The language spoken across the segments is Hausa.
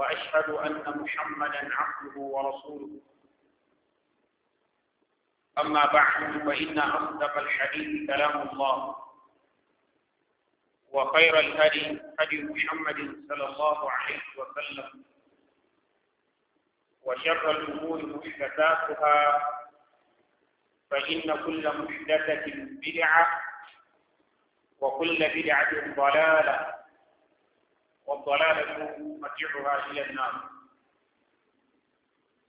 وأشهد أن محمدا عبده ورسوله أما بعد فإن أصدق الحديث كلام الله وخير الهدي هدي محمد صلى الله عليه وسلم وشر الأمور محدثاتها فإن كل محدثة بدعة وكل بدعة ضلالة والضلاله مرجعها الى النار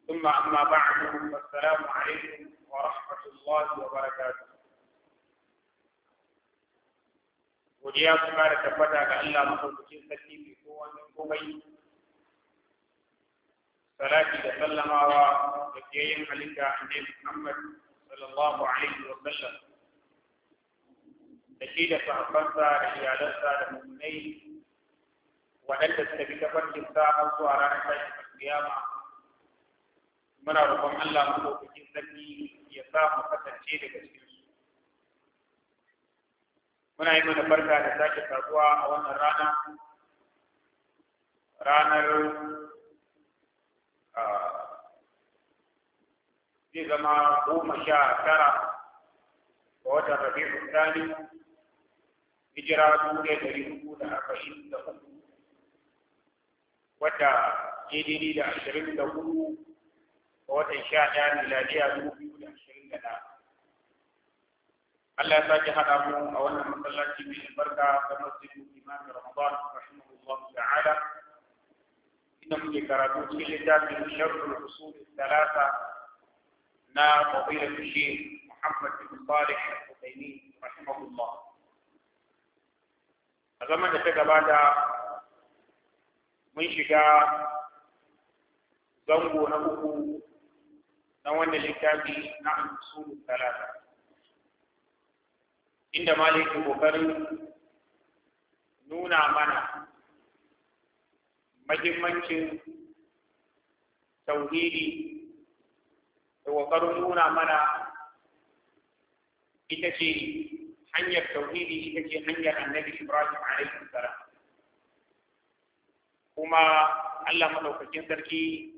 ثم اما بعد فالسلام عليكم ورحمه الله وبركاته وجيا سمار تبدا كالا مخلوق جيل تكي في قوان قبي صلاة تسلم على وجيا ملكا عند محمد صلى الله عليه وسلم تكيد صحفاتا رجالاتا المؤمنين waɗanda suka bi tafarkin sa har zuwa ranar tashin kiyama muna roƙon Allah mu ɗaukakin sarki ya sa mu kasance daga cikin su muna yi mana barka da sake saduwa a wannan rana ranar zai zama goma sha tara ga watan rabi'u tsani hijira dubu ɗaya ɗari uku da arba'in da uku wata daidai da ashirin da hudu ga watan sha ɗaya miladiya dubu biyu da ashirin da ɗaya Allah ya sake haɗa mu a wannan masallaci mai albarka da masjidin imam Ramadan rahimahullah ta'ala inda muke karatu cikin littafin sharhul usul thalatha na fadilat shaykh Muhammad bin Salih al-Uthaymeen rahimahullah a zaman da ta gabata mun shiga zango na uku na wannan littafi na al talata inda malik ke kokarin nuna mana mahimmancin tauhidi da kokarin nuna mana ita ce hanyar tauhidi ita ce hanyar annabi ibrahim alaihi salam kuma Allah madaukakin sarki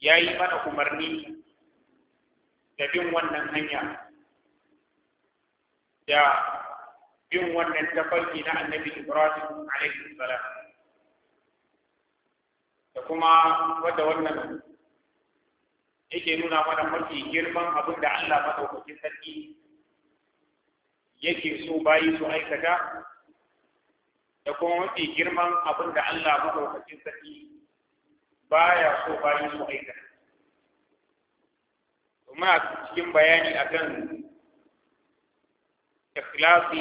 ya yi mana umarni da bin wannan hanya da bin wannan tafarki na annabi Ibrahim alaihi salam da kuma wadda wannan yake nuna mana mafi girman abin da Allah madaukakin sarki yake so bayi su aikata da kuma mafi girman abin da Allah maɗaukakin sarki baya so bayan su aikata. Muna cikin bayani akan ikhlasi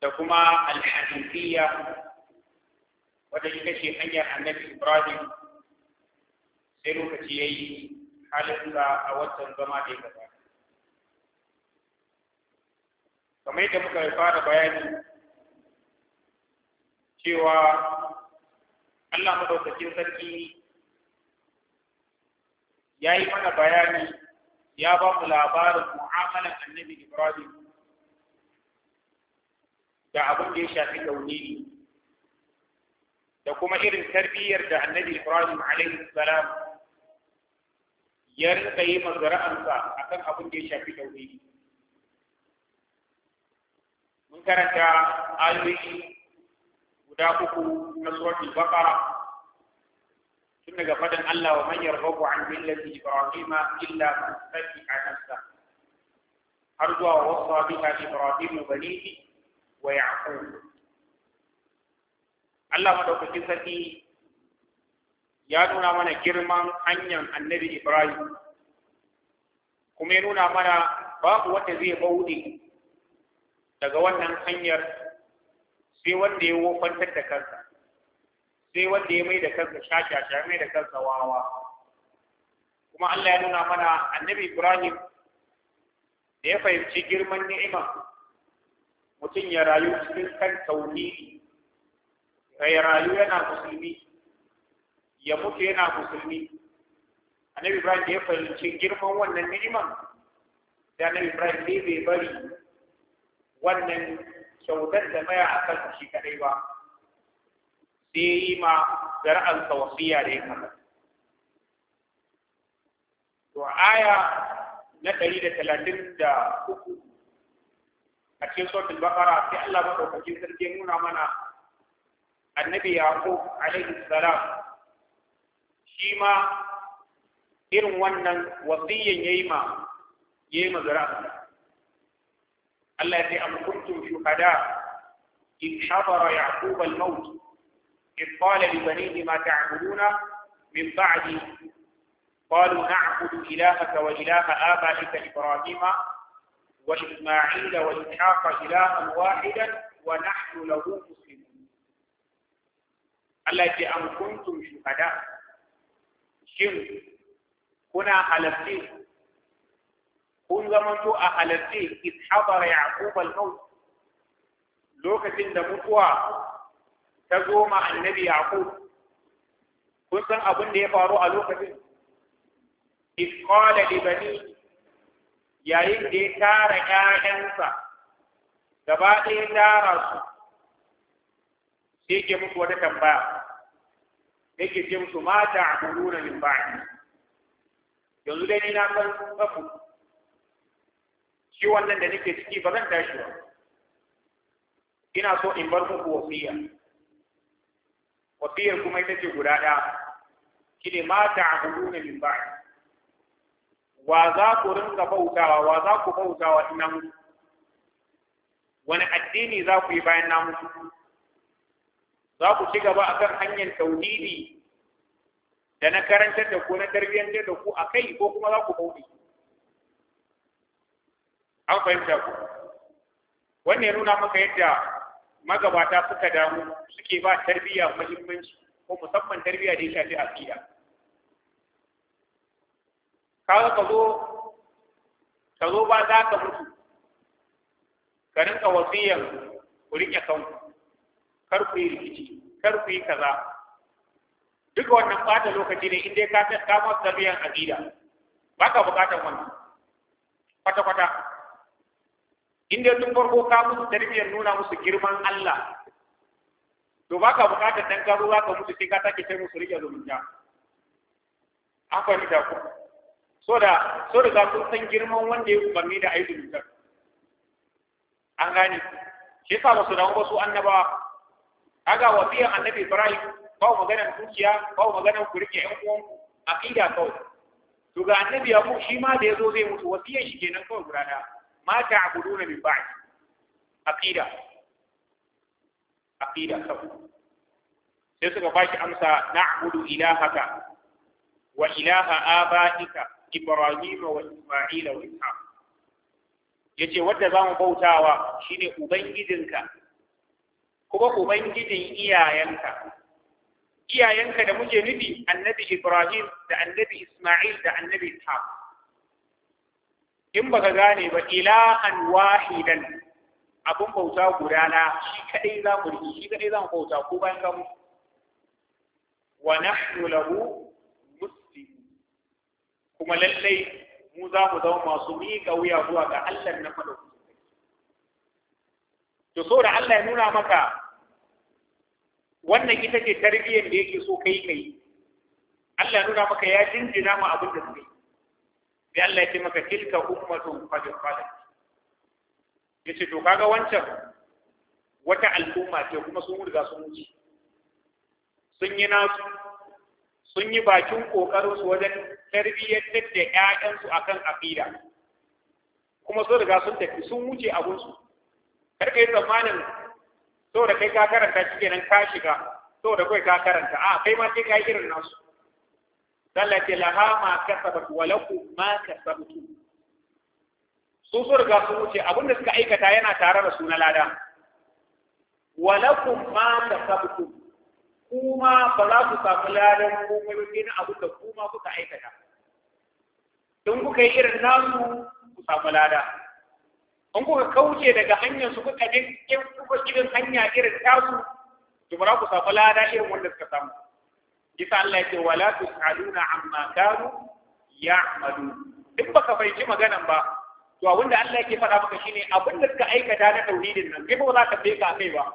da kuma alhadisiyya wadda ita ce hanyar annabi Ibrahim sai lokaci ya yi halinsa a watan zama da ya gabata. Kamar yadda muka fara bayani cewa Allah madaukakin sarki ya yi mana bayani ya ba mu labarin mu'amalan annabi Ibrahim da abin da ya shafi taunini da kuma irin tarbiyyar da annabi Ibrahim alaihi salam ya rinka yi mazara'ansa akan abin da ya shafi taunini mun karanta ayoyi guda uku na suratul baqara tun daga faɗin Allah wa man yarghabu an millati ibrahima illa man safiha nafsa har zuwa wasa biha ibrahimu banihi wa yaqub Allah madaukakin sarki ya nuna mana girman hanyar annabi Ibrahim kuma ya nuna mana babu wanda zai bauɗe daga wannan hanyar sai wanda ya wofantar da kansa sai wanda ya mai da kansa shashasha mai da kansa wawa kuma Allah ya nuna mana annabi Ibrahim da ya fahimci girman ni'ima mutum ya rayu cikin kan tauhidi ya rayu yana musulmi ya mutu yana musulmi annabi Ibrahim da ya fahimci girman wannan ni'iman da annabi Ibrahim ne bai bari wannan kyautar da maya a kan shi kadai ba sai yi ma zara'an tawasiya da ya kama. to aya na ɗari da talatin da uku a cikin sautin bakara sai Allah maɗaukakin sarki nuna mana annabi yaqub alaihi salam shi ma irin wannan wasiyyan yayi ma yayi ma zara'an الذي أم كنتم شهداء إذ حضر يعقوب الموت إذ قال لبنيه ما تعبدون من بعدي قالوا نعبد إلهك وإله آبائك إبراهيم وإسماعيل وإسحاق إلها واحدا ونحن له مسلمون التي أم كنتم شهداء هنا على حلفتين kun zamanto a halarci Ishabar hadara yaqub al lokacin da mutuwa ta zo ma annabi yaqub kun san abin da ya faru a lokacin iz da bani yayin da ya tara ƴaƴansa gaba ɗaya tara su sai ke musu wata tambaya yake ce musu mata a min ba'di yanzu dai ni na san tsafu ciwon nan da nake ciki ba zan tashi ba ina so in bar muku wasiya wasiyar kuma ita ce guda ɗaya ne ma ta'buduna min ba wa za ku rinka bautawa wa za ku bautawa ina mutu wani addini za ku yi bayan na mutu za ku ci gaba akan hanyar tauhidi da na karantar da ku na tarbiyyantar da ku a kai ko kuma za ku shi. an fahimta ku wannan ya nuna maka yadda magabata suka damu suke ba tarbiyya muhimmanci ko musamman tarbiyya da ya shafi aqida kaga ka zo ka zo ba za ka mutu ka rinka wasiyar ku rike kanku kar ku yi rikici kar ku yi kaza duka wannan ɓata lokaci ne inda ya ta kama tarbiyyar aqida ba ka buƙatar wannan kwata-kwata inda tun farko ka musu tarbiyyar nuna musu girman Allah to baka bukata dan karo za ka mutu sai ka take sai musu rike zumunta an da ku so da so da za san girman wanda ya umarni da ayi zumunta an gane shi yasa musu da wasu annabawa wa wasiyar annabi Ibrahim ba maganar dukiya ba maganar ku rike ƴan uwan aqida kawai to ga annabi Abu shi ma da yazo zai mutu wasiyar shi kenan kawai guda daya ma ta'buduna min ba'di aqida aqida sau sai suka bashi amsa na'budu ilahaka wa ilaha abaika ibrahim wa wa yace wanda zamu bautawa shine ubangijinka kuma ubangijin iyayenka iyayenka da muke nufi annabi ibrahim da annabi isma'il da annabi ishaq in baka gane ba ilahan wahidan abun bauta guda na shi kadai za mu riki shi kadai za mu bauta ko bayan ka wa nahnu lahu muslimu kuma lallai mu za mu zama masu miƙa wuya zuwa ga Allah na madaukakin to so da Allah ya nuna maka wannan ita ce tarbiyyar da yake so kai kai Allah ya nuna maka ya jinjina mu abin da suke sai Allah ya ce maka tilka ummatun qad khalat yace to kaga wancan wata al'umma ce kuma sun riga sun wuce sun yi nasu sun yi bakin kokarin su wajen tarbiyyar da su akan aqida kuma sun riga sun tafi sun wuce abun su karka yi tsammanin saboda kai ka karanta shi kenan ka shiga saboda kai ka karanta a kai ma sai ka yi irin nasu Allah ce laha ma kasabat wa lakum ma kasabtu su su riga sun wuce abinda suka aikata yana tare da su na lada wa lakum ma kasabtu kuma ba za ku samu ladan komai ba na abin da kuma kuka aikata in kuka yi irin nasu ku samu lada in kuka kauce daga hanyar su kuka ne in kuka irin hanya irin tasu to ba za ku samu lada irin wanda suka samu Kisa Allah ya ce wala tusaluna amma kanu ya'malu duk baka fahimci maganan ba to abin da Allah yake faɗa maka shine abin da suka aikata na tauhidin nan kai ba za ka fika kai ba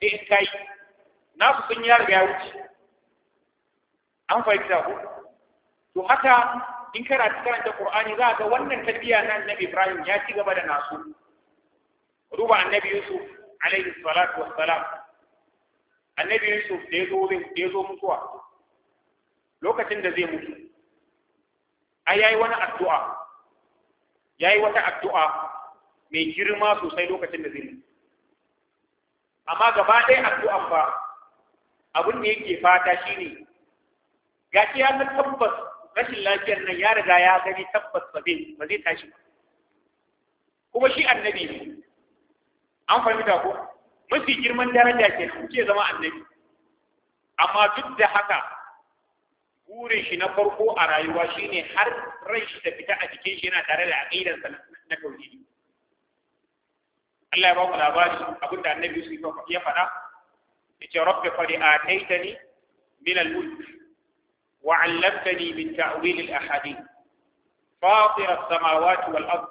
sai in kai na su sun ya ya wuce an fahimta ku to haka in kana karanta Qur'ani za ga wannan tarbiyya na Nabi Ibrahim ya ci gaba da nasu ruba Annabi Yusuf alaihi salatu wassalam Annabi Yusuf da ya zo da ya zo mutuwa lokacin da zai mutu a yayi wani addu'a yayi wata addu'a mai girma sosai lokacin da zai mutu amma gaba ɗaya addu'an ba abin da yake fata shine shi ya san tabbas rashin lafiyar nan ya riga ya gani tabbas ba zai ba zai tashi ba kuma shi annabi ne an fahimta ko mafi girman daraja ke ce zama annabi amma duk da haka burin shi na farko a rayuwa shine har rai shi ta fita a cikin shi yana tare da aqidar sa na tauhidi Allah ya ba mu labari abin da Annabi Yusuf ya faɗa yace rabbi qad ataitani min al-mulk wa 'allamtani min ta'wil al-ahadith فاطر السماوات والأرض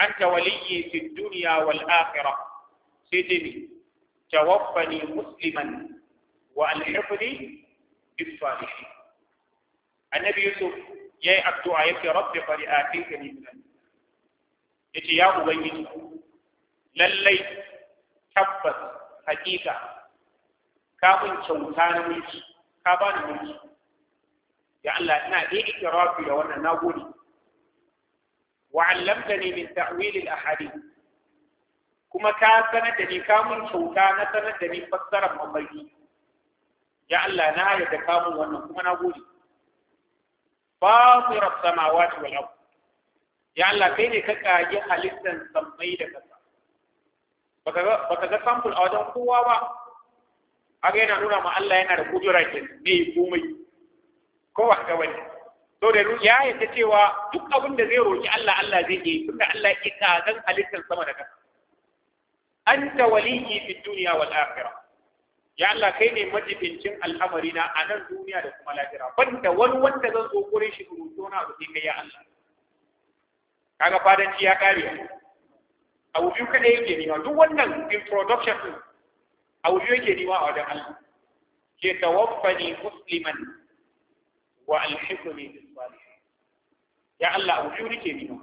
أنت ولي في الدنيا والآخرة سيدني توفني مسلما وألحقني بالصالحين annabi yusuf ya yi addu'a ya ce rabbi fari a fi gani minan ya ce ya ubangiji lallai tabbas hakika ka mun kyauta na mulki ka ba ni mulki ya Allah ina da ikirafi da wannan nagode wa allamtani min ta'wil al ahadith kuma ka sanar da ni ka mun kyauta na sanar da ni fassarar mafarki ya Allah na yarda ka mun wannan kuma na gode fatir as-samawati wal ard ya Allah kai ne ka kaji halittan sammai da kasa baka ga baka ga sample a wajen kowa ba aga yana nuna ma Allah yana da kudura ke ne komai kowa ga wani to da ya yadda cewa duk abin da zai roki Allah Allah zai yi tunda Allah ya kazan halittan sama da kasa anta waliyyi fid dunya wal akhirah ya Allah kai ne majibincin al'amari na a nan duniya da kuma lahira banda wani wanda zan zo gurin shi rubuto na abu kai ya Allah kaga fadanci ya kare abu biyu kadai yake nema duk wannan introduction din A biyu yake nema a wajen Allah ke tawaffani musliman wa alhiqni bis salihin ya Allah abu biyu nake nema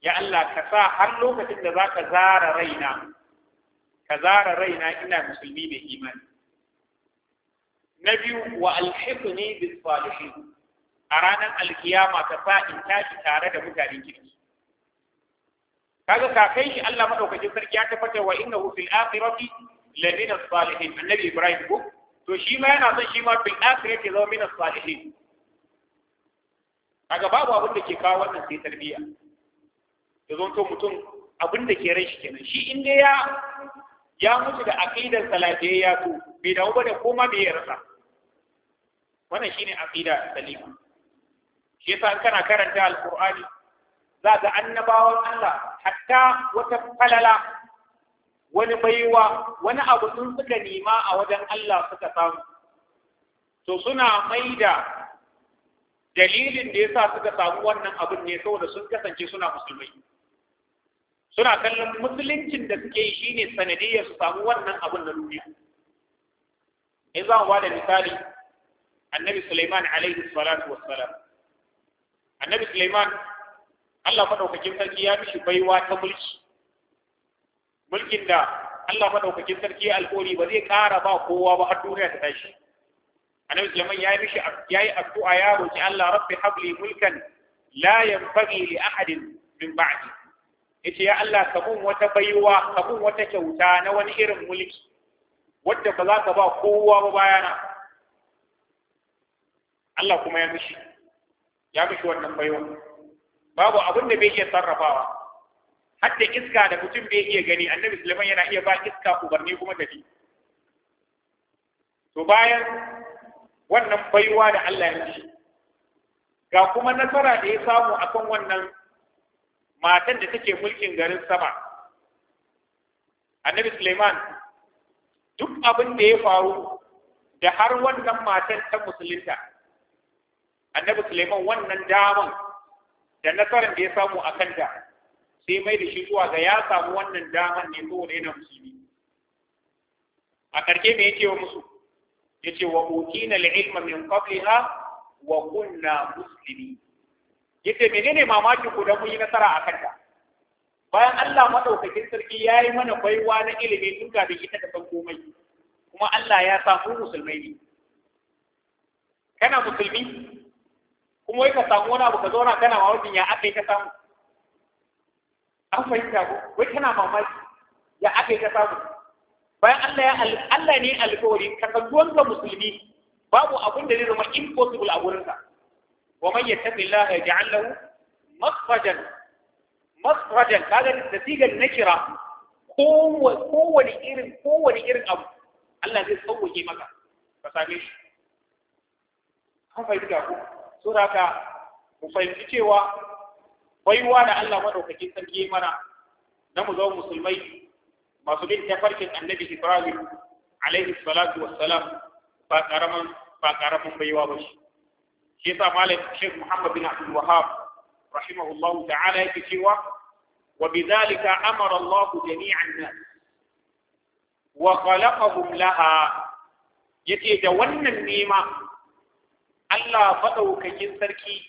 ya Allah ka sa har lokacin da zaka zara raina ka zara raina ina musulmi mai imani na biyu wa alhifni bis salihin a ranar alkiyama ta sa in tashi tare da mutanen kirki kaga kakai shi Allah madaukakin sarki ya tabbata wa innahu fil akhirati lamina salihin annabi ibrahim ko to shi ma yana son shi ma fil akhirati zama min salihin kaga babu abin da ke kawo wannan sai tarbiyya ya zonto mutum abin da ke rai shi kenan shi inda ya ya mutu da aqidar salafiyya ya to bai dawo ba da koma bai yi rasa wannan shine aqida salima shi yasa kana karanta alqur'ani za ga annabawan Allah hatta wata falala wani baiwa wani abu sun suka nema a wajen Allah suka samu to suna maida dalilin da yasa suka samu wannan abin ne saboda sun kasance suna musulmai suna kallon musuluncin da suke yi shine sanadiyar su samu wannan abin na duniya in za mu ba da misali annabi Sulaiman alaihi salatu wassalam annabi Suleiman Allah madaukakin sarki ya mishi baiwa ta mulki mulkin da Allah madaukakin sarki ya alƙori ba zai ƙara ba kowa ba har duniya ta tashi annabi Suleiman ya mishi yayi addu'a ya roki Allah rabbi habli mulkan la yanbaghi li ahadin min ba'di yace ya Allah ka mun wata baiwa ka mun wata kyauta na wani irin mulki wadda ba za ka ba kowa ba bayana Allah kuma ya mishi ya mishi wannan baiwa babu abin da bai iya sarrafawa hatta iska da mutum bai iya gani annabi sulaiman yana iya ba iska ubarni kuma tafi to bayan wannan baiwa da Allah ya mishi ga kuma nasara da ya samu akan wannan matan da take mulkin garin sama annabi Suleiman duk abin da ya faru da har wannan matan ta musulunta annabi Suleiman wannan daman da nasarar da ya samu a da sai mai da shi zuwa ga ya samu wannan daman ne saboda yana musulmi a ƙarshe me yake wa musu yace wa utina al-ilma min qabliha wa kunna muslimin yace menene mamaki ku da mun yi nasara a da bayan Allah maɗaukakin sarki ya yi mana baiwa na ilimi tun da ita da komai kuma Allah ya samu musulmai ne kana musulmi kuma wai ka samu wani abu ka zauna kana ma wajen ya aka yi ka samu an fahimta ko wai kana mamaki ya aka yi ka samu bayan Allah ya Allah ne alƙawari ka kasantuwan ga musulmi babu abin da zai zama impossible a wurinka wa man yattaqillaha yaj'al lahu makhrajan makhrajan kaga da sigar nakira kowane irin kowane irin abu Allah zai sauwaje maka ka same shi an fahimci ga ku so da haka mu fahimci cewa baiwa da Allah madaukakin sarki mana na mu zama musulmai masu bin tafarkin annabi Ibrahim alaihi salatu wassalam ba karaman ba karaman baiwa ba shi shi yasa malam Sheikh Muhammad bin Abdul Wahhab rahimahullahu ta'ala yake cewa wa bidhalika amara Allah jami'an nas wa khalaqahum laha yace da wannan nema Allah faɗaukakin sarki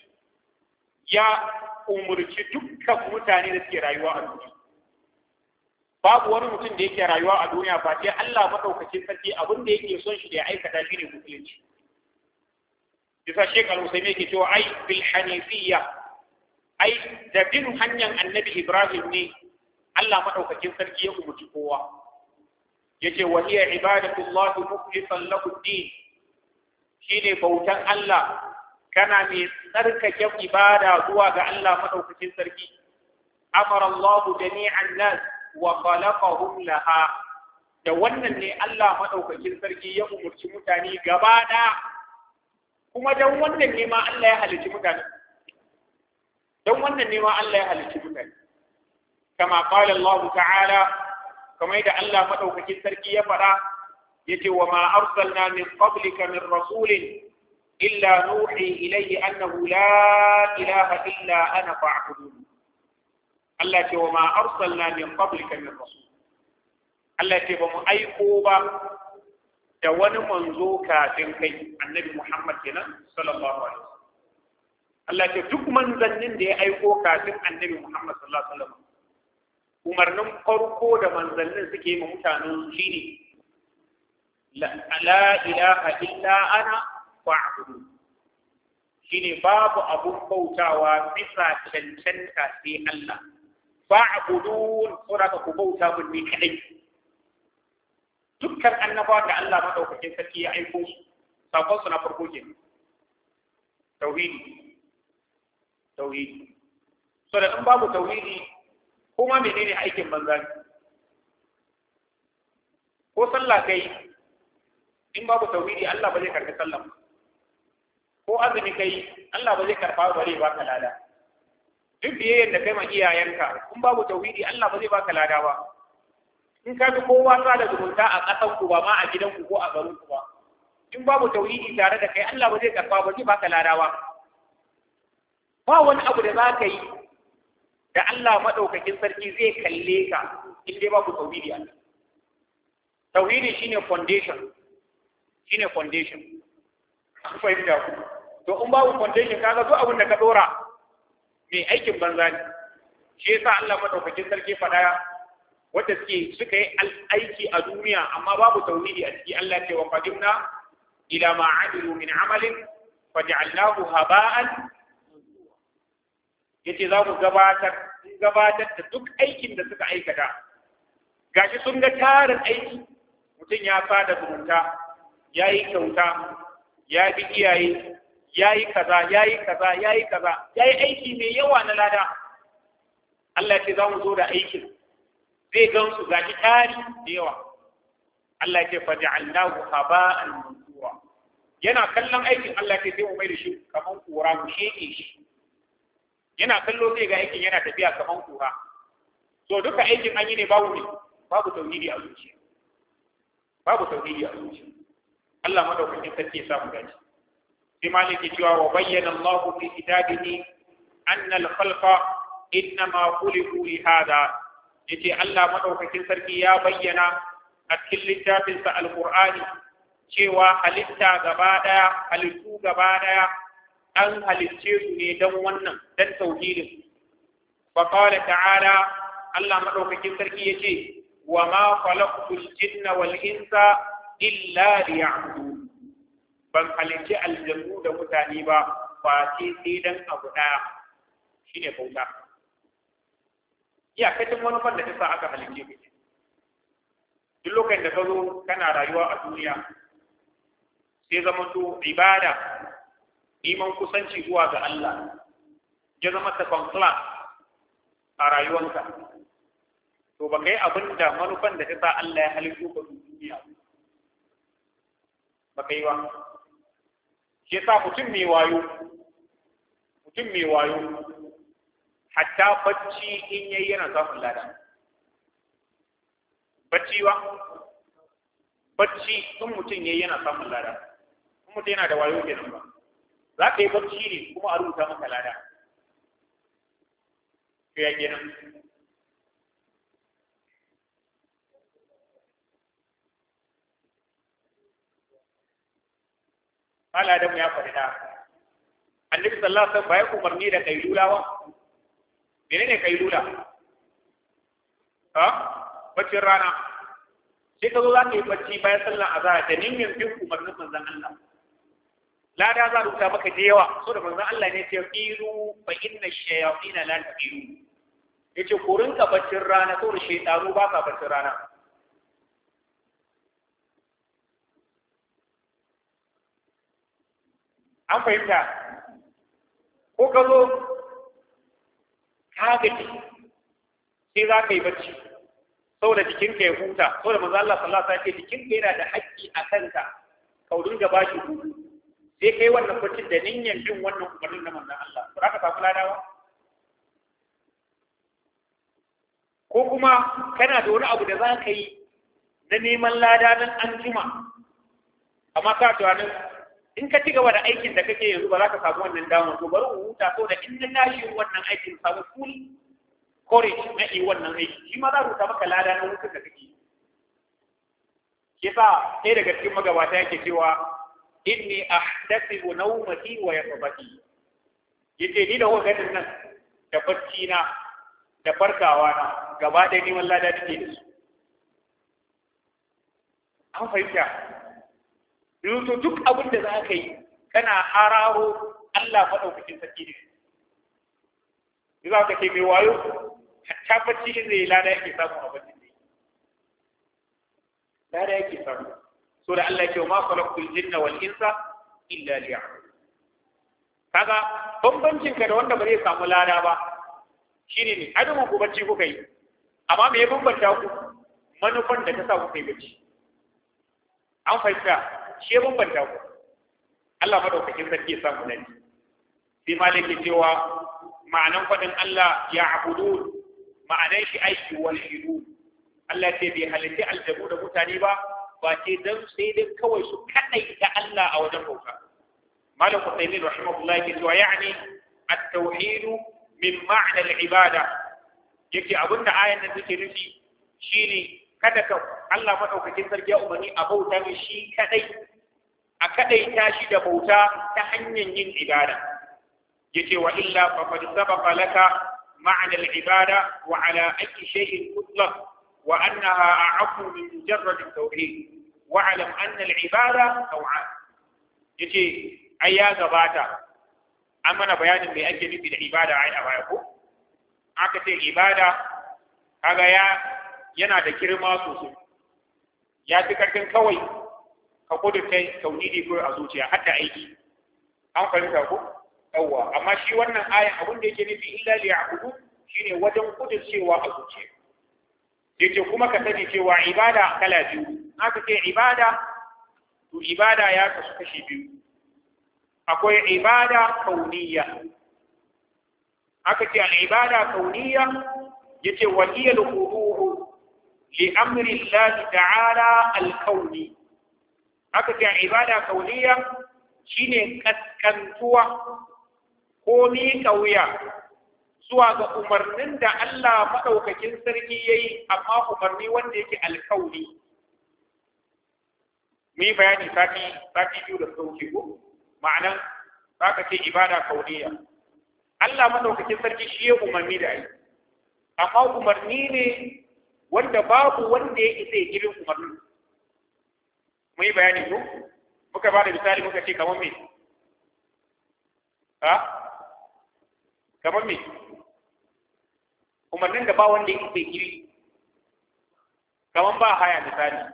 ya umurci dukkan mutane da suke rayuwa a duniya babu wani mutum da yake rayuwa a duniya ba sai Allah maɗaukakin sarki abin yake son shi da ya aikata shi ne musulunci bisa shekar usai yake cewa ai bil hanifiyya ai da bin hanyar annabi ibrahim ne Allah maɗaukakin sarki ya umarci kowa Ya yace wa hiya ibadatullah mukhlisan lahu din shine bautan Allah kana mai tsarkake ibada zuwa ga Allah maɗaukakin sarki amara Allah jami'an nas wa khalaqahum laha da wannan ne Allah maɗaukakin sarki ya umarci mutane gaba da kuma don wannan ne ma Allah ya halicci mutane don wannan nema Allah ya halicci mutane kama qala Allah ta'ala kama da Allah madaukakin sarki ya faɗa yace wa ma arsalna min qablika min rasulin illa nuhi ilayhi annahu la ilaha illa ana fa'budun Allah ce wa ma arsalna min qablika min rasul Allah ce ba mu aiko ba da wani manzo kafin kai annabi Muhammad kenan sallallahu alaihi wasallam Allah ce duk manzannin da ya aiko kafin annabi Muhammad sallallahu alaihi wasallam umarnin farko da manzannin suke ma mutanen shi ne la ilaha illa ana fa'budu shine babu abun bautawa bisa cancanta sai Allah fa'budun suraka ku bauta mun ni kadai dukkan annabawa da Allah madaukakin sarki ya aiko su sakon su na farko kenan tauhidi tauhidi so da in babu tauhidi kuma menene aikin banza ko sallah kai in babu tauhidi Allah ba zai karbi sallah ko azumi kai Allah ba zai karba ba zai baka lada duk biyayyen da kai ma iyayenka in babu tauhidi Allah ba zai baka lada ba in ka bi kowa sa da zumunta a ƙasan ku ba ma a gidan ku ko a garin ku ba in babu tauhidi tare da kai Allah ba zai karfa ba zai baka lada ba ba wani abu da za ka yi da Allah maɗaukakin sarki zai kalle ka in dai babu tauhidi Allah tauhidi shine foundation shine foundation ku fahimta ku to in babu foundation kaga duk abin da ka dora mai aikin banza ne shi yasa Allah maɗaukakin sarki fada wanda suke suka yi aiki a duniya amma babu tauhidi a ciki Allah ce wa qadimna ila ma amilu min amalin faj'alnahu haba'an yace za ku gabatar da duk aikin da suka aikata gashi sun ga tarin aiki mutum ya fada zumunta ya yi kyauta ya bi iyaye ya yi kaza ya yi kaza ya yi kaza ya yi aiki mai yawa na lada Allah ce za mu zo da aikin zai gansu gashi tari da yawa Allah ce fa ja'alnahu haba'an mansura yana kallon aikin Allah ce sai mu mai da shi kamar kura mu shi yana kallo zai ga aikin yana tafiya kaman kura to duka aikin an yi ne babu ne babu tauhidi a zuciya babu tauhidi a zuciya Allah madaukakin sarki ya samu mu dace sai maliki cewa wa bayyana Allah fi kitabihi anna al-khalqa innama khuliqu li hada yace Allah madaukakin sarki ya bayyana a cikin littafinsa alqur'ani cewa halitta gaba daya halittu gaba daya an halicce su ne don wannan don tauhidin fa qala ta'ala Allah maɗaukakin sarki yace wa ma khalaqtul jinna wal insa illa liya'budun ban halicci aljannu da mutane ba ba sai sai dan abu daya shine bauta ya kacin manufar da ta sa aka halicce ku duk lokacin da ka zo kana rayuwa a duniya sai zama to ibada neman kusanci zuwa ga Allah ya zama second class a rayuwanka to ba kai abin da manufan da ta sa Allah ya halittu ka duniya ba kai ba shi yasa mutum mai wayo mutum mai wayo hatta bacci in yayi yana samun lada bacci ba bacci in mutum yayi yana samun lada in mutum yana da wayo kenan ba za ka yi barci ne kuma a rubuta maka lada ko ya gina Allah da ya faɗi da annabi sallallahu alaihi wasallam bai umarni da kai lulawa? menene lula ha bacin rana sai ka zo za ka yi bacci bayan sallar azhar da niyyar bin umarnin manzon Allah lada za rubuta maka da yawa so da manzon Allah ne ya qilu fa inna shayatin la taqilu yace ku rinka baccin rana so da shaytanu ba ka baccin rana an fahimta ko ka zo ka gaji sai za ka yi bacci saboda jikinka ya huta saboda manzo Allah sallallahu alaihi wasallam ya ce jikinka yana da haƙƙi a kanka ka dinga ba shi hutu sai kai wannan kwacin da niyyar bin wannan umarnin na manzon Allah za aka samu ladawa ko kuma kana da wani abu da za ka yi na neman lada nan an jima amma ka tunanin in ka ci gaba da aikin da kake yanzu ba za ka samu wannan damar to bari in huta so da in na tashi wannan aikin samu full courage na yi wannan aiki shi ma za rubuta maka lada na hutun da kake yasa ɗaya daga cikin magabata yake cewa inni ahtasibu nawmati wa yaqbati yace ni da wakatin nan da barci na da farkawa na gaba ɗaya ni wallahi da take da su an fahimta to duk abin da za ka yi kana hararo Allah maɗaukacin sarki ne ni za ka ce mai wayo hatta barci in zai lada yake samu a da ne lada yake samu so da Allah ke ma khalaqtul jinna wal insa illa liya'budun kaga bambancin ka da wanda ba zai samu lada ba shine ne adamu ku bacci kuka yi amma me ya bambanta ku manufan da ta sa kuka yi bacci an fahimta shi ya bambanta ku Allah madaukakin sarki ya samu ladi sai malaki cewa ma'anan faɗin Allah ya abudun ma'anan shi aiki wal hidu Allah ce bai halitta aljabu da mutane ba ba ce dan sai dai kawai su kadai ta Allah a wajen bauta malam Uthaymeen rahimahullahi ke cewa ya'ni at-tauhid min ma'anar ibada yake abinda ayan nan take nufi shine kada ka Allah maɗaukakin sarki ya umarni a bauta mai shi kadai a kadai ta shi da bauta ta hanyar yin ibada yake wa illa faqad sabaqa laka ibada wa ala aiki shay'in mutlaq وأنها أعم من مجرد التوحيد واعلم أن العبادة نوعان يجي أيا غباتا أما أنا بيان اللي أجل في العبادة عين أبايكو أكت العبادة هذا يا yana da girma sosai ya fi karfin kawai ka kudurta tauhidi ko a zuciya hatta aiki an fahimta ko yawwa amma shi wannan ayan abin da yake nufi illa a ya'budu shine wajen kudurcewa a zuciya yake kuma ka sani cewa ibada kala biyu ka ce ibada to ibada ya kasu kashi biyu akwai ibada kauniya aka ce ibada kauniya yace waliyal quduhu li amri Allah ta'ala al-kauni aka ce ibada kauniya shine kaskantuwa ko mi kauya zuwa ga umarnin da Allah maɗaukakin sarki ya yi amma umarni wanda yake alkauni mu yi bayani sati sati biyu da sauki ko ma'anan za ka ce ibada kauniya Allah maɗaukakin sarki shi ya umarni da ai amma umarni ne wanda babu wanda ya isa girin umarnin mu yi bayani ko muka ba da misali muka ce kamar me ha kamar me umarnin da ba wanda ya isa iri kamar ba haya misali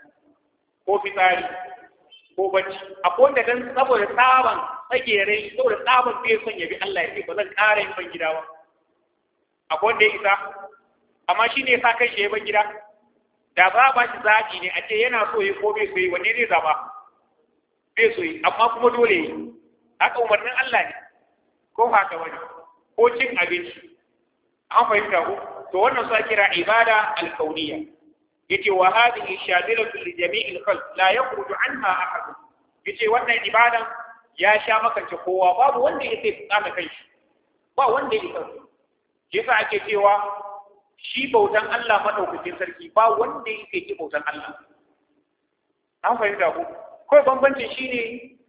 ko fitsari ko bacci akwai wanda dan saboda tsaban tsagerai saboda tsaban bai son ya bi Allah ya ce ba zan ƙara yin ban gida ba akwai wanda ya isa amma shi ne ya sa kai shi ya ban gida da za ba shi zaɓi ne a ce yana so ya ko bai so yi wanne zai zaɓa bai so yi amma kuma dole yi haka umarnin Allah ne ko haka wani ko cin abinci an fahimta ku to wannan sa kira ibada alkauniya yace wa hadhihi shadilatu li jami'il khalq la yakhruju anha ahad yace wannan ibada ya sha makance kowa babu wanda yake tsana shi. ba wanda yake yasa ake cewa shi bautan Allah madaukakin sarki ba wanda yake ki bautan Allah an fahimta ku kai bambancin shine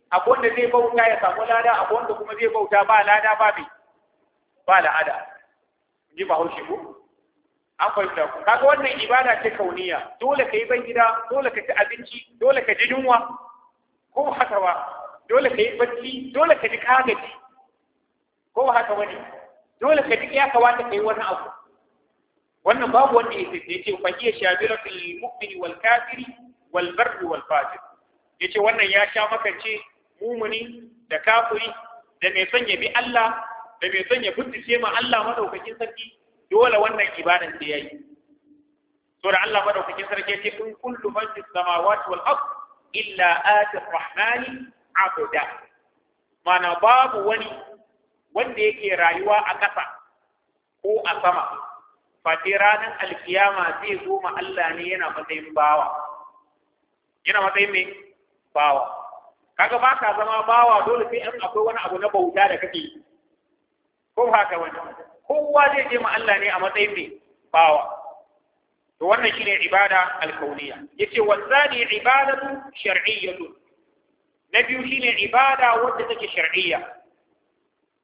akwai wanda zai bauta ya samu lada akwai wanda kuma zai bauta ba lada ba bi ba la'ada ji ba haushi ko an fahimta ku kaga wannan ibada ce kauniya dole ka yi ban gida dole ka ci abinci dole ka ji yunwa ko haka ba dole ka yi bacci dole ka ji kagaji ko haka ba ne dole ka ji ya kawata ka yi wani abu wannan babu wanda ya sai ce fa hiya shabiratul mu'min wal kafiri wal barr wal fajir yace wannan ya sha makance mumuni da kafiri da mai son ya bi Allah da bai son ya ce ma Allah madaukakin sarki dole wannan ibadan da yayi to da Allah madaukakin sarki ya ce in kullu man fis samawati wal ard illa ati rahmani abuda mana babu wani wanda yake rayuwa a ƙasa ko a sama fati ranar alkiyama zai zo ma Allah ne yana matsayin bawa yana matsayin mai bawa kaga ba ka zama bawa dole sai in akwai wani abu na bauta da kake ko haka wani kowa zai je ma Allah ne a matsayin mai bawa to wannan shine ibada alkauniya yace wazani ibadatu shar'iyyatun na biyu shine ibada wadda take shar'iyya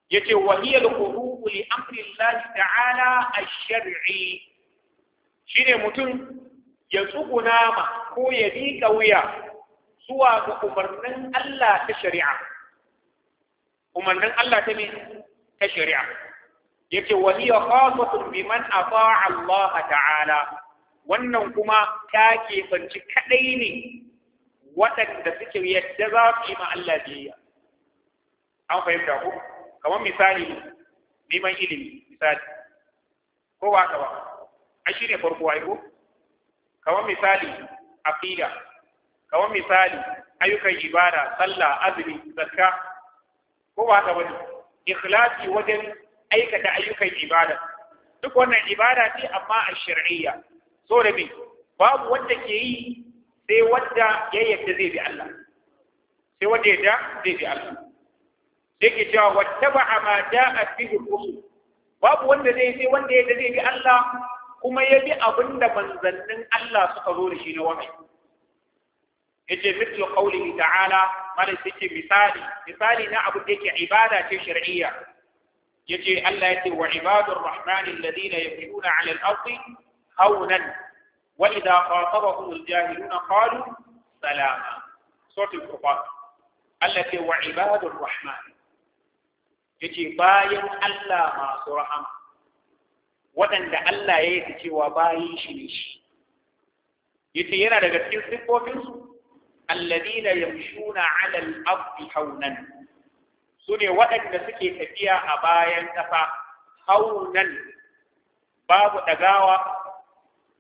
yace wa hiya alqurubu li amri Allah ta'ala ash-shar'i shine mutum ya tsuguna ma ko ya miƙa wuya zuwa ga umarnin Allah ta shari'a umarnin Allah ta ne ta shari'a yace wa hiya khassatun biman ata'a Allah ta'ala wannan kuma ta keɓanci kadai ne waɗanda suke yadda za su yi ma Allah biyayya an fahimta ko kamar misali neman ilimi misali ko ba ka ba ai shine farko ai ko kamar misali aqida kamar misali ayyukan ibada sallah azumi zakka ko ba ka bane ikhlasi wajen aikata ayyukan ibada duk wannan ibada ce amma a shar'iyya so da me babu wanda ke yi sai wanda ya yadda zai bi Allah sai wanda ya da zai bi Allah yake cewa wattaba'a ma da'a bihi rusul babu wanda zai sai wanda ya yadda zai bi Allah kuma ya bi abinda manzannin Allah suka zo da shi na wahayi yace mithlu qawlihi ta'ala malai yace misali misali na abu da yake ibada ce shar'iyya yace Allah yace wa ibadur rahman alladhina yamshuna 'ala al-ardi hawnan wa idha khatabahum al-jahiluna qalu salama sort al-furqan Allah yace wa ibadur rahman yace bayan Allah masu rahama waɗanda Allah ya yi cewa bayan shi ne shi yace yana daga cikin siffofinsu alladina yamshuna ala al-ardi haunan sune waɗanda suke tafiya a bayan ƙasa haunan babu ɗagawa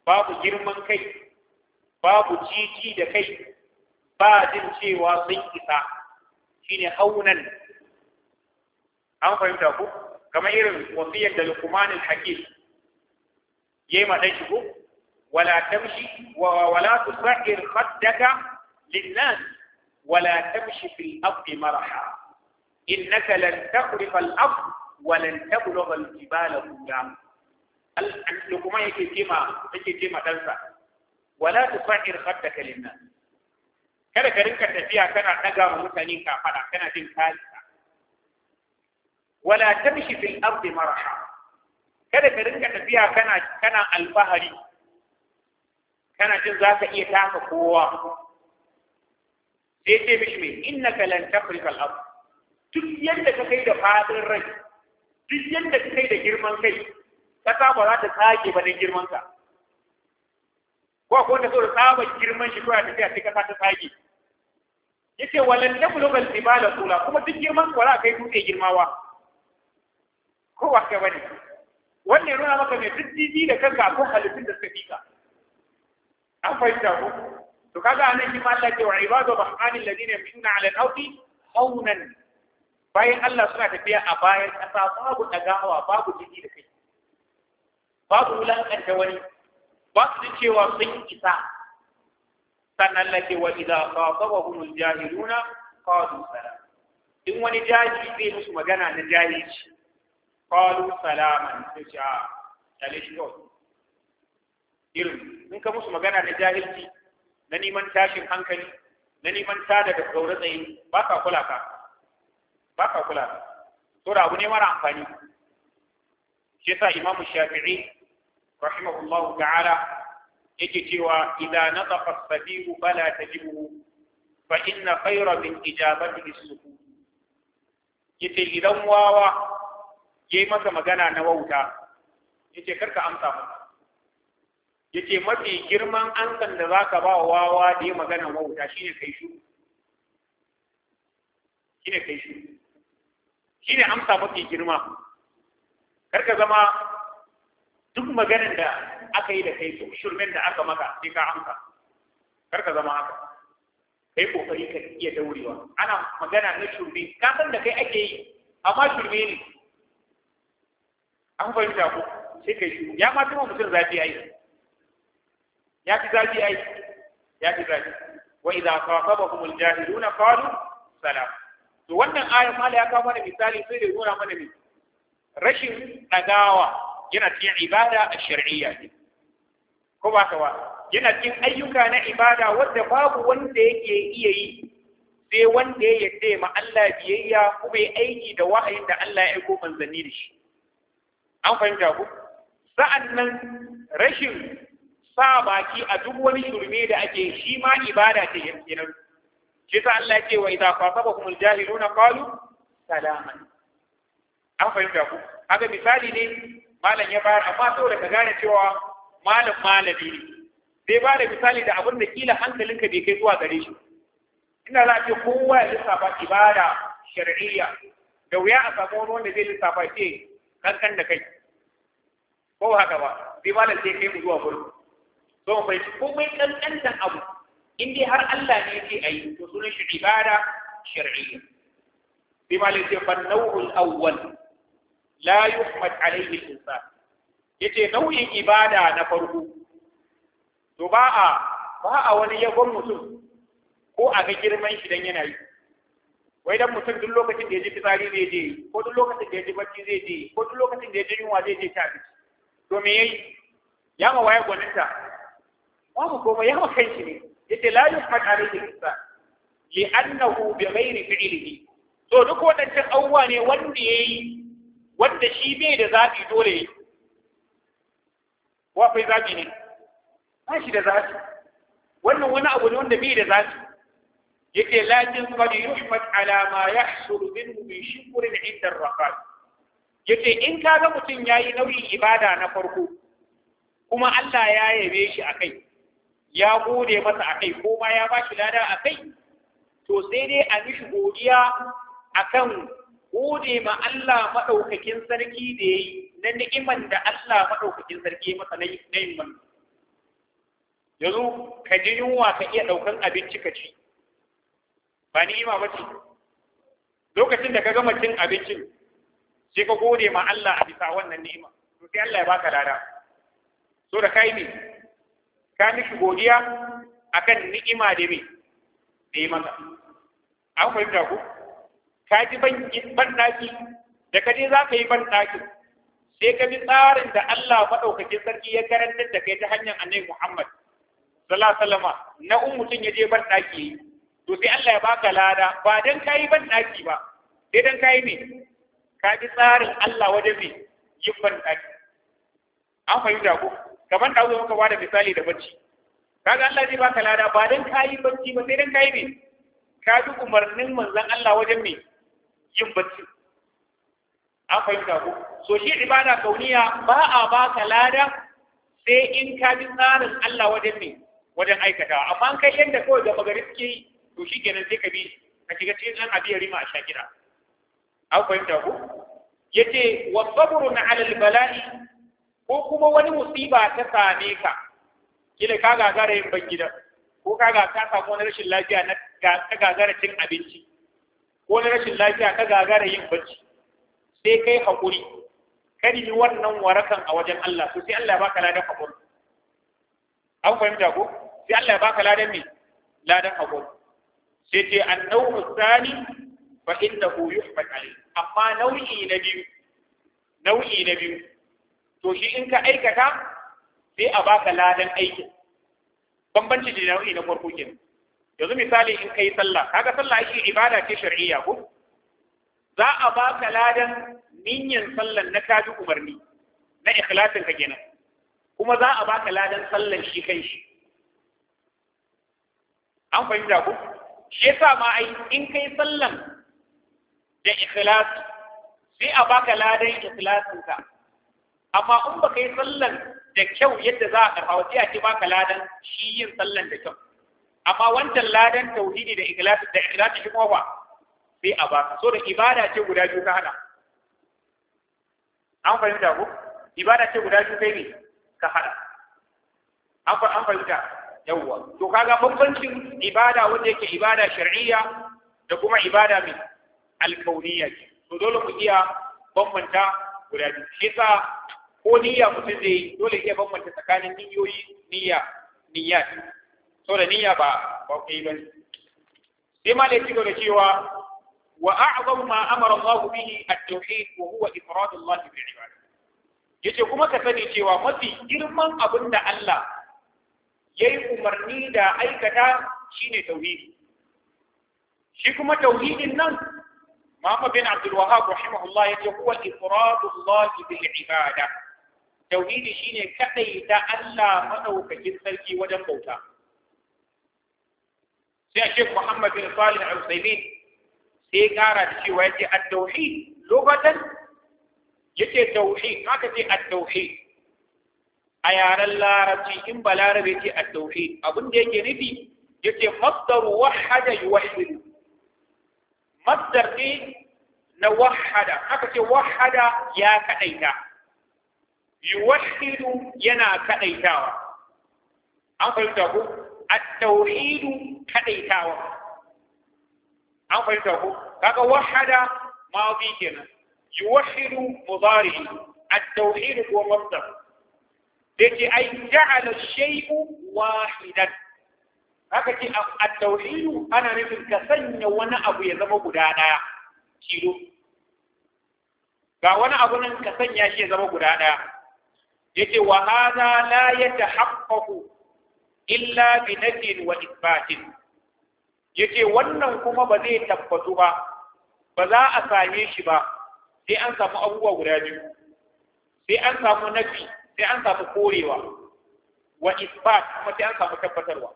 babu girman kai babu jiji da kai ba jin cewa sun isa shine haunan an fahimta ku kamar irin wasiyar da lukumanin hakim yayi ma dan shigo wala tamshi wa wala tusahir khaddaka للناس ولا تمشي في الأرض مرحا إنك لن تخرق الأرض ولن تبلغ الجبال قدام لكما يكتما يكتما تنسى ولا تفعل خطك للناس كذا كرنك تفيا كنا نقام مثلين كافرا كنا دين كالسا ولا تمشي في الأرض مرحا كذا كرنك تفيا كنا كنا الفهري كنا جنزاك إيه تاك قوة sai ce mishi mai innaka kalan tafrika kalab duk yadda ka kai da fadin rai duk yadda ka kai da girman kai kasa ba za ta sake ba dan girman ka ko ko da so tsaba girman shi ko ta sai kasa ta Ya yace walan tabluga al-jibala tula kuma duk girman ka za kai dutse girmawa ko wa ka bane wannan nuna maka mai duk da kanka ko halittun da suka fika an fahimta ko to kaga anan shi ma Allah ce wa ibadu rahmani alladhina yamshuna 'ala al-ardi hawnan bayan Allah suna tafiya a bayan kasa babu dagawa babu jiki da kai babu wulakanta wani ba su cewa sun isa sannan Allah ke wa idza khatabahum al-jahiluna qalu salam in wani jahili zai musu magana na jahilci qalu salaman sai ce a ah, tale shi kawai irin in ka musu magana na jahilci na neman tashin hankali na neman tada da gaure tsaye ba ka kula ka ba ka kula ka to da abu ne mara amfani shi yasa imam shafi'i rahimahullahu ta'ala yake cewa idan nataqa as-sabiu bala tajibu fa inna khayra min ijabatihi as-sukut yace idan wawa yayi masa magana na wauta yace karka amsa masa yace mafi girman ankan da zaka ba wa wawa da ya magana mawuta shine kai shi shine kai shi shine amsa mafi girma kar ka zama duk maganar da aka yi da kai to shirmen da aka maka sai ka amsa kar ka zama haka kai kokari ka iya daurewa ana magana na shirme ka san da kai ake yi amma shirme ne an fahimta ko sai kai shi ya ma tuma mutum zafi yayi ya fi zafi ai ya fi zafi wa idza khatabahum aljahiluna qalu salam to wannan ayan mala ya kawo mana misali sai da nuna mana ne rashin dagawa yana cikin ibada a shar'iyya ne ko ba ka ba yana cikin ayyuka na ibada wanda babu wanda yake iya yi sai wanda ya yarda ma Allah biyayya kuma ya aiki da wa'ayin da Allah ya aiko manzanni da shi an fahimta ku sa'annan rashin sa baki a duk wani shirme da ake shi ma ibada ce yankinan shi sa Allah ya ce wa idza qasabakum aljahiluna qalu salaman an fahimta ku haka misali ne malam ya bayar amma saboda ka gane cewa malam malami ne zai ba da misali da abin da kila hankalinka bai kai zuwa gare shi ina za a ce kowa ya lissafa ibada shar'iyya da wuya a samu wani wanda zai lissafa ce kankan da kai ko haka ba zai malam sai kai mu zuwa gurin so bai fahimci komai kankantan abu in har Allah ne yake ayi to sunan shi ibada shar'iyya bi malik ce fa naw'ul awwal la yuhmad alayhi al-insan yace nau'in ibada na farko to ba a ba a wani yabon mutum ko a ga girman shi dan yana yi wai dan mutum duk lokacin da ya ji fitsari zai je ko duk lokacin da ya ji barci zai je ko duk lokacin da ya ji yunwa zai je ta to me yayi ya ma waye gwaninta babu komai ya makan shi ne yace la yuhmad alayhi insan annahu bi ghairi fi'lihi to duk wadancan abubuwa ne wanda yayi wanda shi bai da zabi dole yayi wa fi zabi ne ba shi da zabi wannan wani abu ne wanda bai da zabi yake lakin qad yuhmad ala ma yahsul minhu bi shukr 'inda ar-rafa yake in kaga mutum yayi nauyin ibada na farko kuma Allah ya yabe shi akai ya gode masa a kai ko ma ya ba shi lada a kai to sai dai a mishi godiya akan gode ma Allah maɗaukakin sarki da ya yi na ni'iman da Allah maɗaukakin sarki masa na yin Ya yanzu ka ji yunwa ka iya ɗaukan abinci ka ci ba ni'ima ba ce lokacin da ka gama cin abincin sai ka gode ma Allah a bisa wannan ni'ima to sai Allah ya baka lada so da kai ne ka miki godiya akan ni'ima da me da yi maka an fahimta ku ka ji ban daki da ka je za ka yi ban dakin sai ka bi tsarin da Allah maɗaukakin sarki ya karantar da kai ta hanyar annabi Muhammad sallallahu alaihi wasallam na in mutum ya je ban daki to sai Allah ya baka lada ba dan kai ban daki ba sai dan kai ne ka bi tsarin Allah wajen me yin ban daki an fahimta ku kamar da muka bada misali da bacci kaga Allah zai baka lada ba dan kayi bacci ba sai dan kayi ne ka bi umarnin manzon Allah wajen me yin bacci an fahimta ko so shi ibada kauniya ba a baka lada sai in ka bi tsarin Allah wajen me wajen aikata amma an kai yadda kawai da magari suke yi to shi kenan sai ka bi ka shiga cikin ɗan abiyar rima a sha a an fahimta ko yace wa sabrun ala al-bala'i ko kuma wani musiba ta same ka kila ka gagara yin ban gida ko ka ga ka samu wani rashin lafiya na ka gagara cin abinci ko wani rashin lafiya ka gagara yin bacci sai kai hakuri kadi yi wannan warakan a wajen Allah to sai Allah ya baka ladan hakuri an fahimta ko sai Allah ya baka ladan me ladan hakuri sai ce annawmu sani fa innahu yuhmad alayhi amma nau'i na biyu nau'i na biyu to shi in ka aikata sai a baka ladan aikin bambanci da nau'i na farko kenan yanzu misali in kai sallah kaga sallah yake ibada ce shar'iyya ko za a baka ladan niyyan sallan na kaji umarni na ikhlasin ka kenan kuma za a baka ladan sallan shi kai shi an fahimta ko shi yasa ma ai in kai sallan da ikhlas sai a baka ladan ikhlasin ka amma in ka yi sallan da kyau yadda za a karɓa wasu ya ce ka ladan shi yin sallan da kyau amma wancan ladan tauhidi da ikhlasi da ikhlasi shi kuma ba sai a baka so da ibada ce guda biyu ka hada an fahimta ko ibada ce guda biyu kai ne ka hada an fa an fahimta yawwa to kaga bambancin ibada wanda yake ibada shar'iyya da kuma ibada mai alkauniyya to dole mu iya bambanta guda biyu shi ko niyya mutum zai yi dole iya bambanta tsakanin niyoyi niyya niyya da niyya ba ba ku yi sai ma da ya da cewa wa a'zamu ma amara Allah bihi at-tauhid wa huwa Ifradu Allah bi ibadihi yace kuma ka sani cewa mafi girman abin da Allah yayi umarni da aikata shine tauhidi shi kuma tauhidin nan Muhammad bin Abdul Wahhab rahimahullah yace huwa ifrad Allah bil ibada tauhidi shine kadai ta Allah madaukakin sarki wajen bauta sai Sheikh Muhammad bin Salih Al-Utsaimin sai kara da cewa yace at-tauhid lugatan yace tauhid haka ce at-tauhid a yaren larabci in ba larabe ce at-tauhid abin da yake nufi yace masdar wahada yuwahhid masdar ne na wahada haka ce wahada ya kaɗaita. yuwahidu yana kadaitawa an fahimta ku at tauhid kadaitawa an fahimta ku kaga wahada madi kenan yuwahidu mudari at-tauhid huwa masdar dake ai ja'ala shay'u wahidan haka ce at-tauhid ana nufin ka sanya wani abu ya zama guda daya kilo ga wani abu nan ka sanya shi ya zama guda daya yake wa hada la yatahaqqaqu illa bi nafin wa isbatin yake wannan kuma ba zai tabbatu ba ba za a same shi ba sai an samu abubuwa guda biyu sai an samu nafi sai an samu korewa wa isbat kuma sai an samu tabbatarwa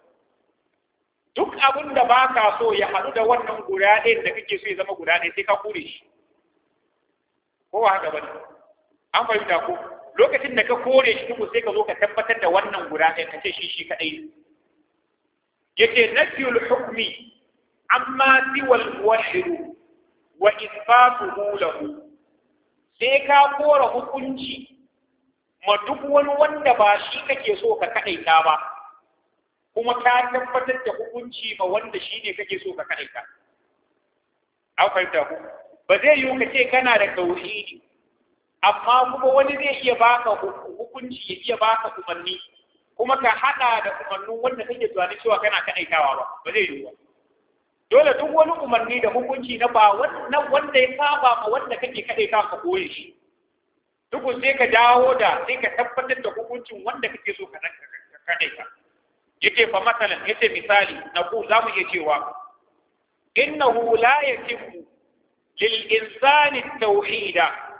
duk abin da ba ka so ya haɗu da wannan guda ɗaya da kake so ya zama guda ɗaya sai ka kure shi ko ba haka ba an fahimta ko lokacin da ka kore shi tukun sai ka zo ka tabbatar da wannan guda ɗaya ka ce shi shi kaɗai yace nafiyul hukmi amma siwal muwahhidu wa isbatuhu lahu sai ka kora hukunci ma duk wani wanda ba shi kake so ka kaɗaita ba kuma ka tabbatar da hukunci ma wanda shi ne kake so ka kaɗaita an fahimta ku ba zai yiwu ka ce kana da tauhidi amma kuma wani zai iya baka hukunci ya iya baka umarni kuma ka haɗa da umarnin wanda kake tunanin cewa kana ta aikawa ba ba zai yiwu ba dole duk wani umarni da hukunci na ba wanda wanda ya saba ma wanda kake kaɗai ka ka koye shi duk sai ka dawo da sai ka tabbatar da hukuncin wanda kake so ka kaɗai ka yake fa masalan yace misali na ku za mu iya cewa innahu la yakimmu lil insani tauhida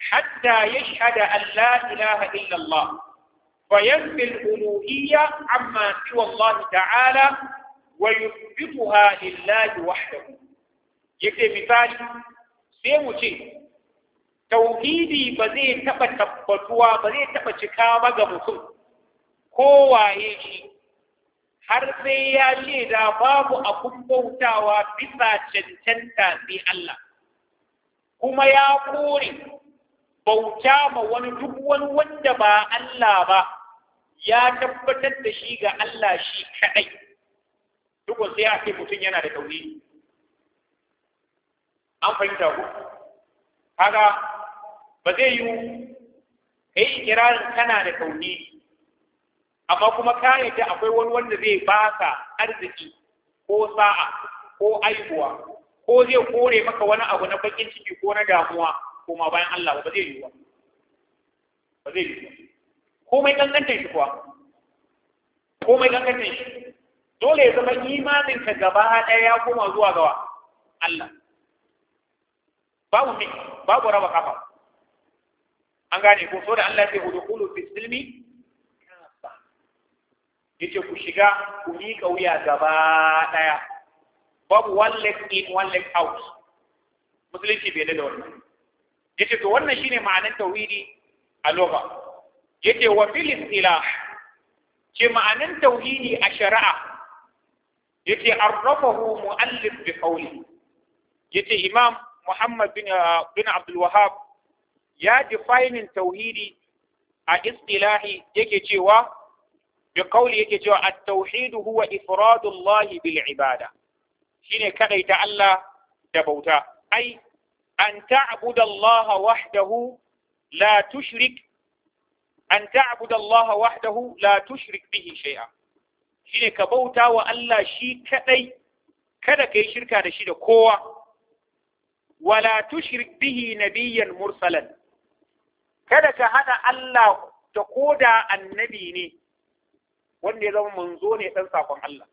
حتى يشهد أن لا إله إلا الله وينفي الألوهية عما سوى الله تعالى ويثبتها لله وحده يكتب مثال سيم توحيدي بزي تبا تبطوا بزي تبا تكاما قبطوا كوا يجي harfai ya ce da babu abun bautawa bisa cancanta sai Allah kuma bauta ma wani duk wani wanda ba Allah ba ya tabbatar da shi ga Allah shi kaɗai duk sai a ce mutum yana da tauhidi an fahimta ku kaga ba zai yi kai ikirarin kana da tauhidi amma kuma ka yadda akwai wani wanda zai baka arziki ko sa'a ko aihuwa ko zai kore maka wani abu na bakin ciki ko na damuwa koma bayan Allah ba zai yi ba ba zai yi ba komai kankantar shi kuwa komai kankantar shi dole ya zama imanin ka gaba ɗaya ya koma zuwa gawa Allah babu mix babu raba kafa an gane ko so da Allah ya ce hudukulu fi silmi yace ku shiga ku miƙa wuya gaba ɗaya babu one leg in one leg out musulunci bai da wannan yace to wannan shine ma'anar tauhidi a lugha yace wa fil istilah ce ma'anar tauhidi a shari'a yace arrafahu muallif bi qawli yace imam muhammad bin uh, bin abdul wahhab ya defining tauhidi a istilahi yake cewa bi qawli yake cewa at-tauhid huwa ifradu Allah bil ibada shine kadaita Allah da bauta ai An تعبد الله وحده لا تشرك أن تعبد الله وحده shine ka bauta wa Allah shi kadai kada ka yi shirka da shi da kowa wala tushrik bihi nabiyyan mursalan kada ka hada Allah da koda annabi ne wanda ya zama manzo ne dan sakon Allah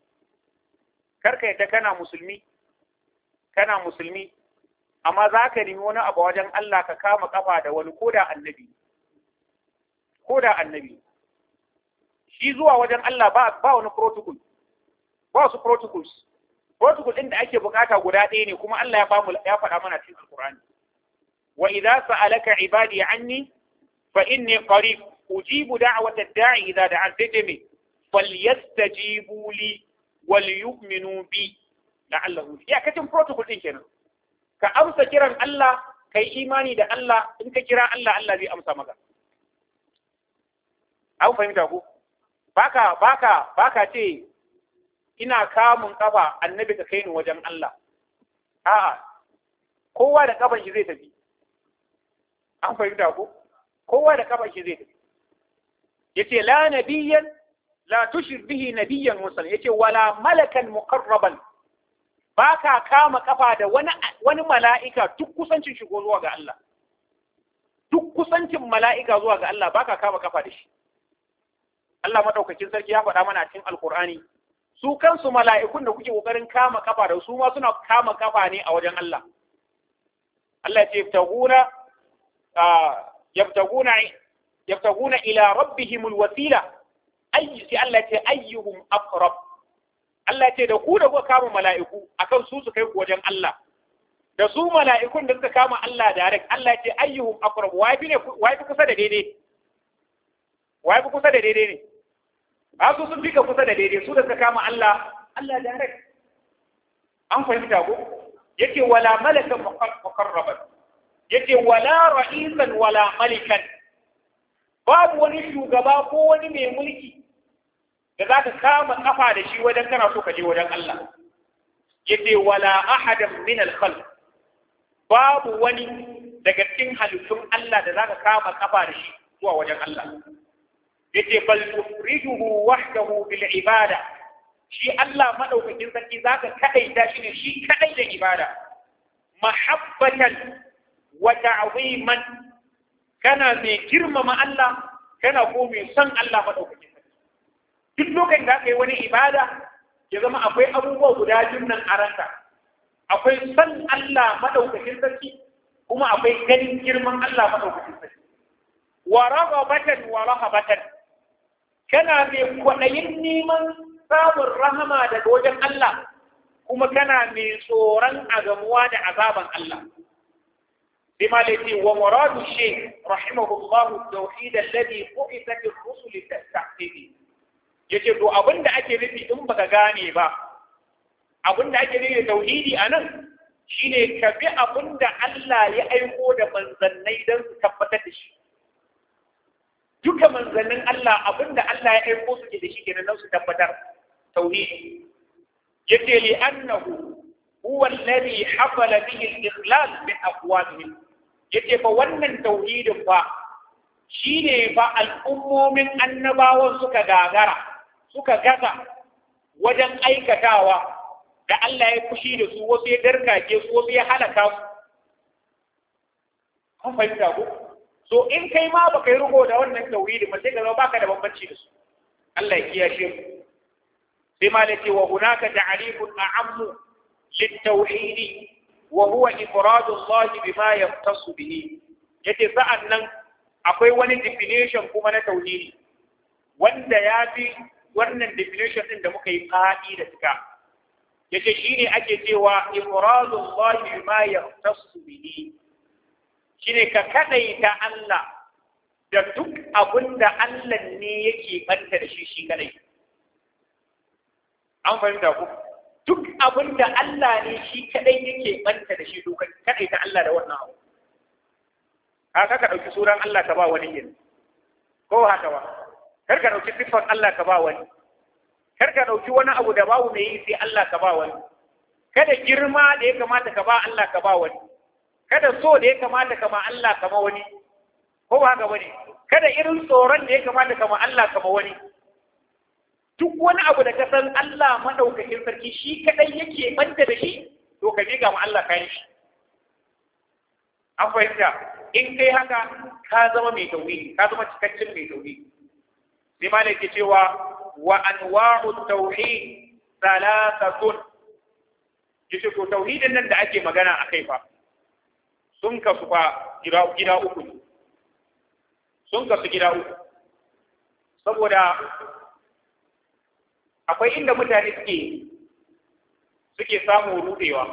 karka yadda kana musulmi kana musulmi amma za ka nemi wani abu wajen Allah ka kama kafa da wani koda annabi koda annabi shi zuwa wajen Allah ba ba wani protocol ba su protocols protocol din da ake bukata guda ɗaya ne kuma Allah ya bamu ya faɗa mana cikin alkur'ani wa idza sa'alaka ibadi anni fa inni qarib ujibu da'wata da'i idza da'an tajmi falyastajibu li wal yu'minu bi la'allahu ya kacin protocol din kenan ka amsa kiran Allah kai imani da Allah in ka kira Allah Allah zai amsa maka an fahimta ku baka baka baka ce ina kamun kafa annabi ka kai ni wajen Allah a'a kowa da kafan shi zai tafi an fahimta ku kowa da kafan shi zai tafi yace la nabiyyan la tushir bihi nabiyyan mursal yace wala malakan muqarraban ba ka kama kafa da wani mala'ika duk kusancin shigo zuwa ga Allah duk kusancin mala'ika zuwa ga Allah ba ka kama kafa da shi Allah maɗaukakin sarki ya faɗa mana cikin Alƙur'ani, su kansu mala'ikun da kuke ƙoƙarin kama kafa da su ma suna kama kafa ne a wajen Allah Allah ce 'Yabtaguna ila rabbihimul wasila ayyi Allah ce ayyuhum aqrab Allah ce da ku da kuka kama mala'iku akan su su kai ku wajen Allah da su mala'ikun da suka kama Allah direct Allah ce ayyuhum aqrab wai bi ne wai fi kusa da daidai wai fi kusa da daidai ne ba su sun fika kusa da daidai su da suka kama Allah Allah direct an fahimta ko yake wala malakan muqarraban yake wala ra'isan wala malikan babu wani shugaba ko wani mai mulki da za ka kama kafa da shi wajen kana so ka je wajen Allah yace wala ahadan min al babu wani daga cikin halittun Allah da za ka kama kafa da shi zuwa wajen Allah yace bal tufrijuhu wahdahu bil ibada shi Allah madaukakin sarki zaka kadaita shi ne shi kadai da ibada mahabbatan wa ta'ziman kana mai girmama Allah kana ko mai son Allah madaukakin duk lokacin da aka yi wani ibada ya zama akwai abubuwa guda biyun nan a ranka akwai san Allah madaukakin sarki kuma akwai ganin girman Allah madaukakin sarki wa raghabatan wa rahabatan kana mai kwaɗayin neman samun rahama daga wajen Allah kuma kana mai tsoron agamuwa da azaban Allah بما wa muradu الشيخ رحمه الله التوحيد الذي بعثت الرسل تستحقه Ya ce to abin da ake nufi in baka gane ba abin da ake nufi da tauhidi anan shine ka bi abin da Allah ya aiko da manzannai don su tabbatar da shi duka manzannin Allah abin da Allah ya aiko su ke da shi kenan su tabbatar tauhidi yace li annahu huwa alladhi hafala bihi al-ikhlas min aqwamihim ce fa wannan tauhidin fa shine fa al'ummomin annabawan suka gagara suka gaza wajen aikatawa da Allah ya fushi da su wasu ya darkake su wasu ya halaka su kun fahimta ko so in kai ma baka yi rugo da wannan tauhidi ba sai ka zama baka da bambanci da su Allah ya kiyashe mu sai ma lati wa hunaka ta'rifun a'ammu lit-tauhidi wa huwa ifradu Allah bima yaqtasu Ya ce sa'an nan akwai wani definition kuma na tauhidi wanda ya fi wannan definition ɗin da muka yi ƙa'i da suka yace shine ake cewa ifradul lahi ma yahtassu bihi shine ka ta Allah da duk abinda Allah ne yake banta da shi shi kadai an fahimta ku duk abinda Allah ne shi kadai yake banta da shi dukan ta Allah da wannan abu haka ka dauki suran Allah ta ba wani yin ko haka ba kar ka ɗauki siffar Allah ka ba wani kar ka ɗauki wani abu da babu mai yi sai Allah ka ba wani kada girma da ya kamata ka ba Allah ka ba wani kada so da ya kamata ka ma Allah ka ma wani ko ba haka bane kada irin tsoron da ya kamata ka ma Allah ka ma wani duk wani abu da ka san Allah madaukakin sarki shi kaɗai yake banta da shi to ka miƙa ma Allah kayan shi an fahimta in kai haka ka zama mai tauhidi ka zama cikakken mai tauhidi sai ma ke cewa wa anwa'u tauhid thalathatun yace ko tauhidin nan da ake magana a kai fa sun kasu gida uku saboda akwai inda mutane suke suke samun rudewa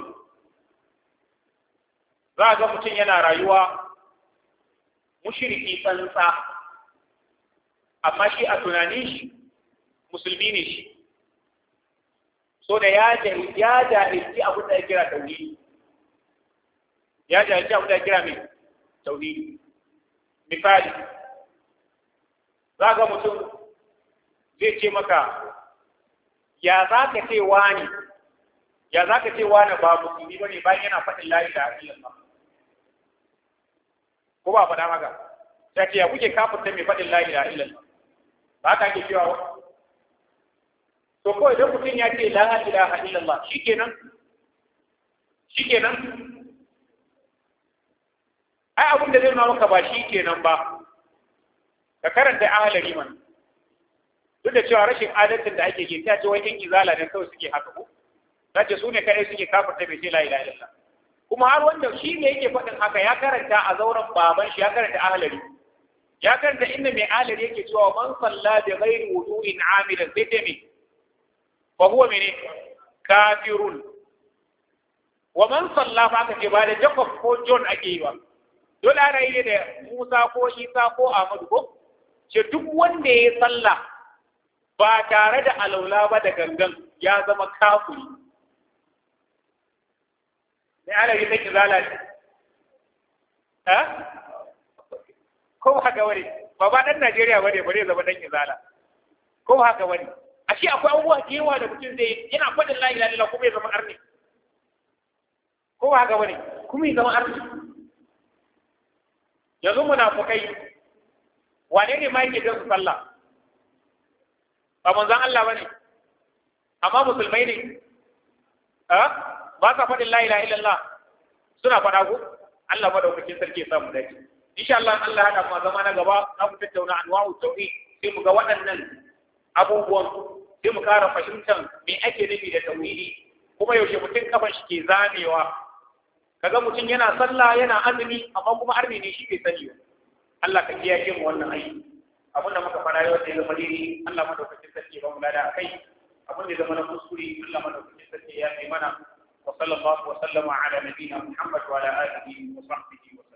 za a ga mutum yana rayuwa mushiriki tsantsa amma shi a tunanin shi musulmi ne shi so da ya jahilci abin da ya kira tauri ya jahilci abin da ya kira mai tauhidi misali za ga mutum zai ce maka ya za ka ce wani ya za ka ce wani ba musulmi ba ne bayan yana faɗin layi da haƙilin ba ko ba faɗa maka ya ce ya kuke kafin ta mai faɗin layi da haƙilin ba ba ka ke cewa ba to ko idan mutum ya ce la ilaha illallah shikenan shikenan ai abin da zai nuna maka ba shikenan ba ka karanta ahalari iman duk da cewa rashin adalcin da ake ke ta ce wai in izala ne kawai suke haka ko za ce su ne kadai suke kafarta bai ce la ilaha illallah kuma har wanda shi ne yake faɗin haka ya karanta a zauren baban shi ya karanta iman ya karanta inda mai alir yake cewa man salla bi ghairi wudu'in amilan sai dai me fa huwa mene kafirun wa man salla fa aka ce ba da Jacob ko John ake yi ba dole ana yi da Musa ko Isa ko Ahmadu ko ce duk wanda ya salla ba tare da alaula ba da gangan ya zama kafiri mai alir yake zalace ha? Eh? ko ba haka bane ba ba dan Najeriya bane bare zama dan izala ko ba haka bane shi akwai abubuwa da yawa da mutum zai yana fadin la ilaha illallah kuma ya zama arni ko ba haka bane kuma ya zama arni yanzu munafukai wane ne ma yake jin su sallah ba manzon Allah bane amma musulmai ne ba sa faɗin la ilaha illallah suna fada ko Allah madaukakin sarki ya samu dace insha Allah Allah ya kuma zama na gaba za mu tattauna anwa'u tauhid sai mu ga waɗannan abubuwan sai mu ƙara fahimtar me ake nufi da tauhidi kuma yaushe mutum kafan shi ke zamewa kaga mutum yana sallah yana azumi amma kuma arni ne shi ke sani ba Allah ka kiyaye mu wannan aiki abin da muka fara yau da ya zama dai Allah madaukakin sarki ba mu lada kai abin da zama na kuskure Allah madaukakin sarki ya yi mana wa sallallahu wa sallama ala nabiyina Muhammad wa ala alihi wa sahbihi wa sallam